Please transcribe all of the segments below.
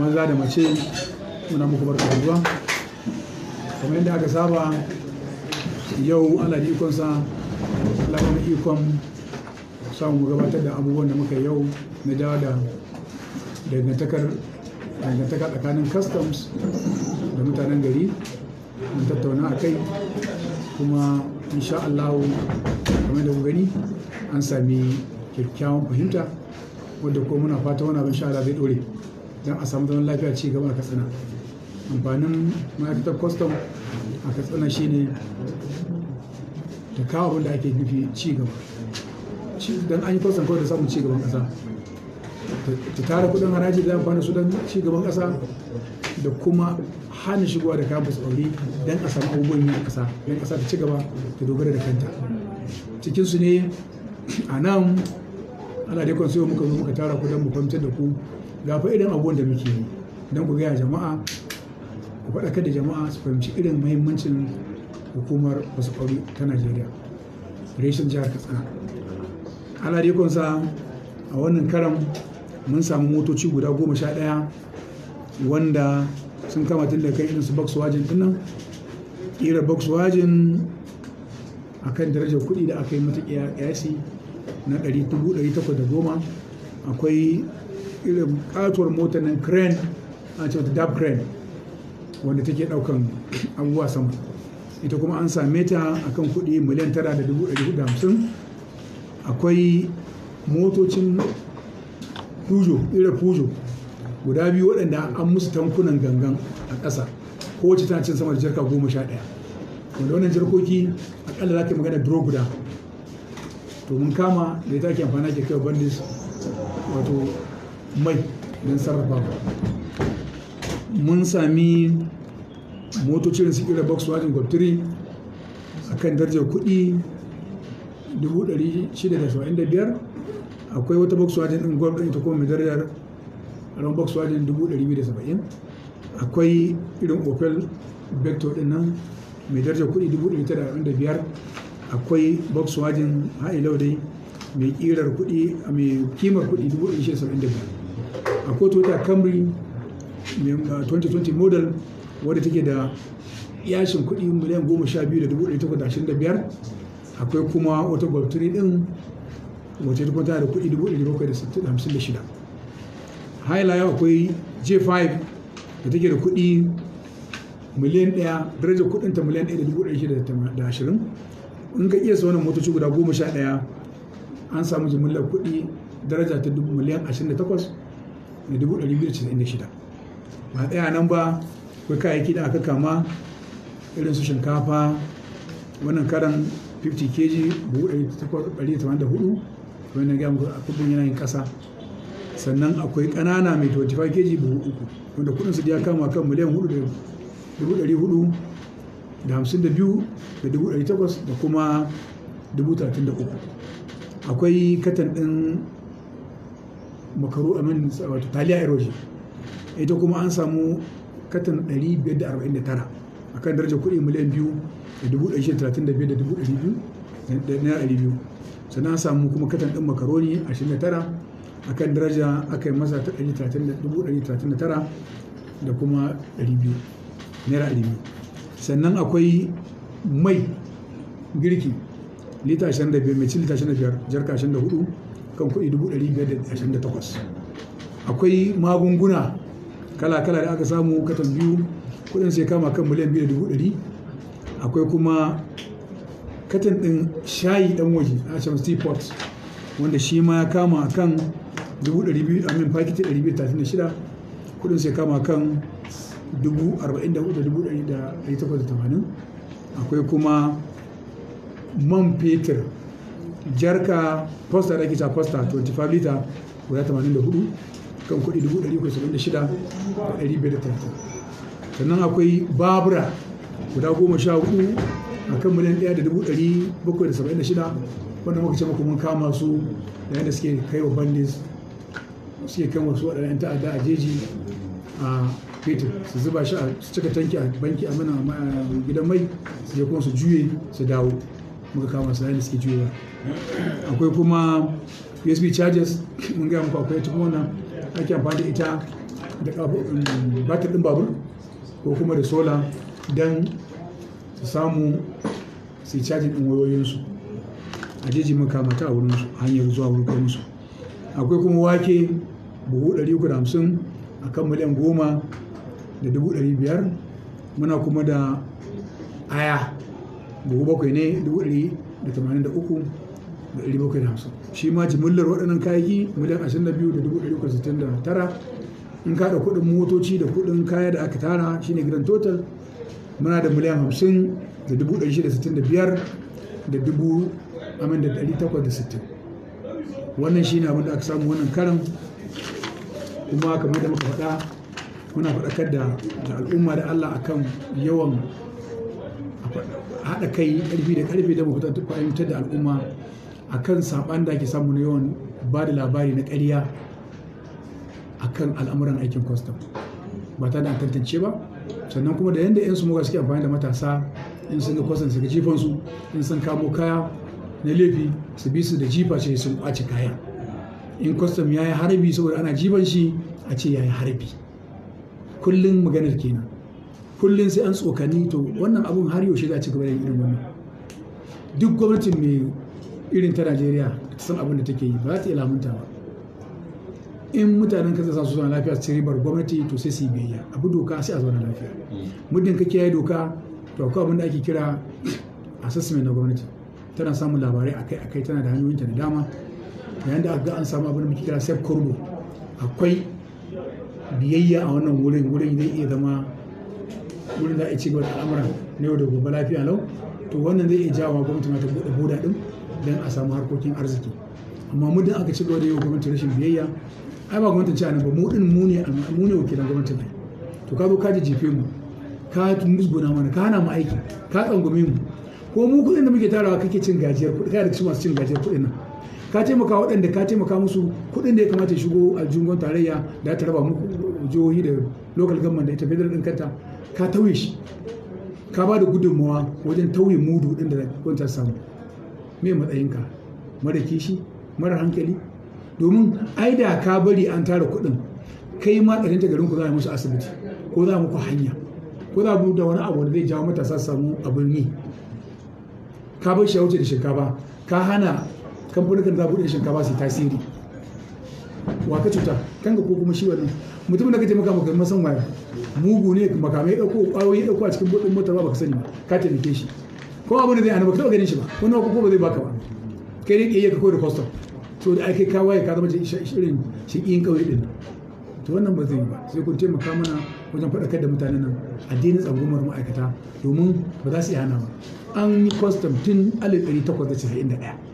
maza da mace muna muku barka da ruwa kamar yadda aka saba yau ala da ikonsa sa ikon samun gabatar da abubuwan da muka yau na dawa da dangantakar dangantaka tsakanin customs da mutanen gari mun tattauna a kai kuma insha Allah kamar da gani an sami kyakkyawan fahimta wadda ko muna fata wani abin sha'ala zai dore don a samu zaman lafiya ci gaba a katsina amfanin ma'aikatar kwastam a katsina shine da kawo abin da ake nufi ci gaba don an yi kwastam kawai da samun ci gaban ƙasa ta tara kudin haraji da amfani su don ci gaban ƙasa da kuma hana shigowa da kayan ɗauri don a samu abubuwan yi a ƙasa don ƙasa ta ci gaba ta dogara da kanta cikinsu ne a nan ana dai kwanso muka zo muka tara ku don mu fahimtar da ku ga fa irin abubuwan da muke yi don ku gaya jama'a ku faɗakar da jama'a su fahimci irin muhimmancin hukumar wasu ƙwari ta Najeriya reshen jihar Katsina ana dai kwansa a wannan karan mun samu motoci guda goma sha ɗaya wanda sun kama tun da kai irin su box wajin dinnan ƙira box wajin akan darajar kuɗi da aka yi mata ƙiyasi na 1810 akwai irin katuwar motar nan crane a ce ta dab crane wanda take daukan abubuwa sama ita kuma an same ta akan kuɗi miliyan 9,450 akwai motocin pujo irin pujo guda biyu waɗanda an musu tankunan gangan a ƙasa kowace tana cin sama da jirka goma sha ɗaya wanda wannan jirkoki akalla za ka magana duro guda to mun kama da ita ake amfani da kyau bandis wato mai don sarrafa mun sami motocin su kira wajen golf 3 a kan darajar kudi 675 akwai wata box wajen din golf 3 ta kuma mai darajar ran box wajen 270 akwai irin opel vector din nan mai darajar kudi 945 akwai volkswagen wajen ha'ilau dai mai kirar kuɗi mai kimar kuɗi 1675 akwai toyota camry 2020 ah, model wadda take da yashin kuɗi miliyan 12,825 akwai kuma wata golf din wata ta kwanta da kuɗi 756 hailaya akwai j5 da take da kuɗi miliyan 1 darajar kudinta miliyan 1,620 in ka iya wannan motoci guda goma sha ɗaya an samu jimillar kuɗi daraja ta dubu miliyan ashirin da takwas da dubu ɗari biyar casa'in da shida ba ɗaya nan ba akwai kayayyaki da aka kama irin su shinkafa wannan karan 50 kg buhu 184 wannan gaya muku a kudin yanayin ƙasa sannan akwai ƙanana mai 25 kg buhu uku wanda kudin su ya kama kan miliyan 4,400 da hamsin da biyu da dubu ɗari takwas da kuma dubu talatin da uku akwai katan ɗin makaru a min wato taliya eroji ita kuma an samu katan ɗari biyar da arba'in da tara a kan darajar kuɗi miliyan biyu da dubu ɗari shida talatin da biyar da dubu ɗari biyu da naira ɗari biyu sannan an samu kuma katan ɗin makaroni ashirin da tara a kan daraja aka yi masa ta ɗari talatin da dubu ɗari talatin da tara da kuma ɗari biyu naira ɗari biyu sannan akwai mai girki lita 25 mai lita 25 jarka 24 kan kuɗi 528 akwai magunguna kala-kala da aka samu katon biyu kudin sai kama kan miliyan biyu da dubu akwai kuma katon ɗin shayi ɗan waje a can seaport wanda shi ma ya kama kan dubu ɗari biyu amin fakiti ɗari biyu da shida kudin sai kama kan 44,880 akwai kuma man fetur jarka posta da ake cewa posta 25 lita guda 84 kan kudi 376,530 sannan akwai babura guda goma sha hudu a kan miliyan ɗaya da dubu bakwai da da shida wanda muka ce muku mun kama su da yadda suke kai wa bandis suke kan wasu waɗannan ta'adda a jeji a fetur su zuba shi a cika tanki a banki a mana gidan mai su je kuma su juye su dawo muka kama su da suke juyewa akwai kuma usb charges mun gaya muku akwai ita wannan ake amfani da ita da um, batir din babur ko kuma da sola don su samu su yi cajin din wayoyinsu a jeji muka kama ta a wurin hanyar zuwa wurin kai musu akwai kuma wake buhu 350 a kan miliyan goma da dubu ɗari biyar muna kuma da aya dubu bakwai ne dubu ɗari da tamanin da uku da ɗari bakwai da hamsin shi ma jimillar waɗannan kayayyaki miliyan ashirin da biyu da dubu ɗari uku sittin da tara in ka da kuɗin motoci da kuɗin kaya da aka tara shine gidan total muna da miliyan hamsin da dubu ɗari shida sittin da biyar da dubu amin da ɗari takwas da sittin wannan shine abin da aka samu wannan karan kuma kamar da muka faɗa muna faɗakar da al'umma da Allah akan yawan haɗa kai ƙarfi da ƙarfi da mafuta fahimtar da al'umma a kan saɓan da ake samu na yawan ba da labari na ƙarya kan al'amuran aikin kwastam ba ta da tantance ba sannan kuma da yadda 'yansu su muka suke amfani da matasa in sun ga kwastam su ga jifansu in sun kamo kaya na laifi su bi su da jifa ce sun kwace kaya in kwastam ya yi harbi saboda ana jifan shi a ce ya yi harbi kullum maganar kenan kullum sai an tsokani to wannan abun har yaushe za a ci gaba da irin wannan duk gwamnatin mai irin ta najeriya ta san abin da take yi ba za ta iya lamunta ba in mutanen kasa sa su zauna lafiya su ribar gwamnati to sai su yi biyayya abu doka sai a zauna lafiya hmm. muddin ka kiyaye doka to akwai abin da ake kira assessment na gwamnati tana samun labarai akai akai tana da hanyoyinta da dama yayin da aka ga an samu abin da muke kira safe corridor akwai biyayya a wannan wurin wurin zai iya zama wurin za a ci gaba da al'amuran na yau da gobe lafiya lau to wannan zai iya jawo gwamnati ma ta buɗe boda ɗin don a samu harkokin arziki amma muddin aka ci gaba da yau gwamnati rashin biyayya ai ba gwamnatin ci ba mu din mu ne mu ne wakilan gwamnati ne to ka zo ka ji jefe mu ka musguna mana ka hana mu aiki ka tsangume mu ko mu kuɗin da muke tarawa kake cin gajiyar kuɗi ka da su masu cin gajiyar kudin nan ka taimaka waɗanda ka taimaka musu kuɗin da ya kamata ya shigo a jungon tarayya da ta raba muku jihohi da local government da ita federal ɗin kanta ka tauye shi ka ba da gudunmawa wajen tauye mudu ɗin da wanta samu me matsayinka mara kishi mara hankali domin ai da ka bari an tara kuɗin kai ma ɗarin garin ku za a musu asibiti ko za muku hanya ko za mu da wani abu da zai jawo matasa samu abin yi ka bar shi a wuce da shinkafa ka hana kamfanin da buɗe shinkafa su tasiri wa ka cuta kanka ko kuma shi wani mutumin da kace maka maka san waya mugu ne makamai ɗauko ƙwayoyi ɗauko a cikin buɗin motar ba ka sani ka taimake shi ko abu da zai hana ba ka ganin shi ba wani ko ba zai baka ba kai ne ɗaya ka kawai da kwastam to da ake kawaye ka zama shi shiƙiyin ƙauye ɗin to wannan ba zai yi ba sai kun taimaka mana wajen faɗakar da mutane nan addinin tsangwamar ma'aikata domin ba za su yi hana ba an yi kwastam tun 1891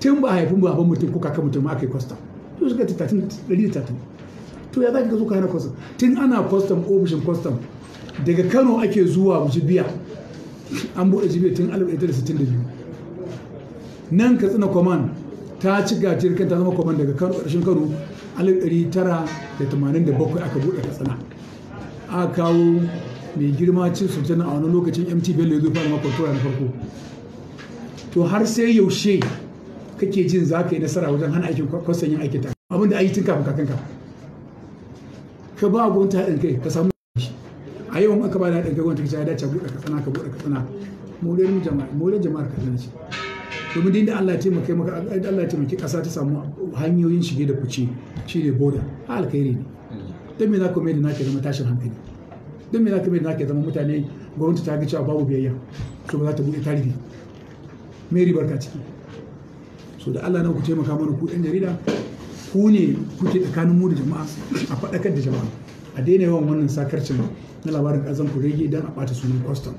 tun ba ba baban mutum ko kaka mutum aka yi kwastam to suka ta tatin ɗari da to ya za ka zo ka hana kwastam tun ana kwastam ofishin kwastam daga kano ake zuwa jibiya an buɗe jibiya tun 1962 nan katsina kwaman ta ci gajiyar kan ta zama kwaman daga kano ƙarshen kano 1987 aka buɗe tsina a kawo mai girma ci sultana a wani lokacin mt bello ya zo fara makon na farko to har sai yaushe kake jin za ka yi nasara wajen hana aikin kwasan yin aikin ta abinda a yi tun kafin kakanka ka ba gwamnati haɗin kai ka samu a yau aka ba da haɗin kai gwamnati ta dace buɗe ka tsana ka buɗe ka tsana maulen jama'a maulen jama'ar ka tana ce domin din da Allah ya taimake maka Allah ya taimake ƙasa ta samu hanyoyin shige da fice shi ne boda alkhairi ne don me za ka mai da nake zama tashin hankali don me za ka mai da nake zama mutane gwamnati ta ga cewa babu biyayya to ba za ta buɗe tarihi mai ribar ka ciki so da Allah na ku taimaka mana ku yan jarida ku ne kuke tsakanin mu da jama'a a faɗakar da jama'a a daina yawan wannan sakarcin na labarin ƙazan ku rage idan a ɓata sunan kwastam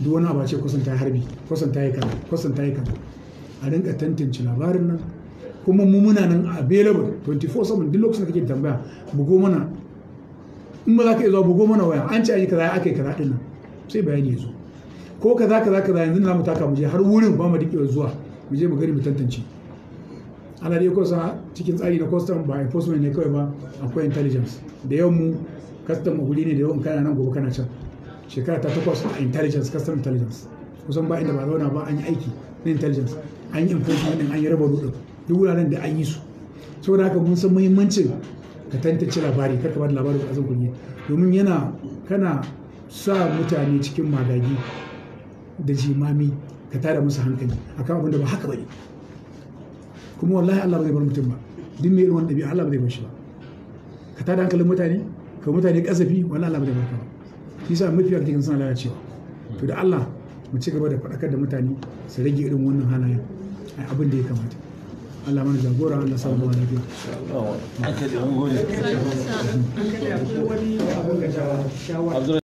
duk wani abu ce kwasan ta yi harbi kwasan ta yi kaza kwasan ta yi kaza a rinka tantance labarin nan kuma mu muna nan available 24/7 duk lokacin da kake tambaya bugo mana in ba za ka iya zuwa bugo mana waya an ce a yi kaza aka yi kaza ɗin nan sai bayani ya zo ko kaza kaza kaza yanzu na mu taka mu je har wurin ba mu dikewa zuwa mu je mu gani mu tantance ana dai kusa cikin tsari na custom ba enforcement ne kawai ba akwai intelligence da yawan mu custom guri ne da yawan kana nan gobe kana can shekara ta takwas a intelligence custom intelligence kusan ba inda ba zauna ba an yi aiki na intelligence an yi enforcement din an yi raba rudin duk wuraren da an yi su saboda haka mun san muhimmancin ka tantance labari kar ka bada labarin azan kunye domin yana kana sa mutane cikin magagi da jimami ka tada musu hankali akan abin da ba haka bane kuma wallahi Allah ba zai bar mutum ba duk mai irin wannan dabi'a Allah ba zai bar shi ba ka tada hankalin mutane ka mutane kasafi wallahi Allah ba zai bar ka ba shi yasa mafi yawa cikin suna lalacewa to da Allah mu ci gaba da faɗakar da mutane su rage irin wannan halayen a abin da ya kamata Allah mana jagora Allah sa mu lafiya an kada an gode an kada akwai abin da shawara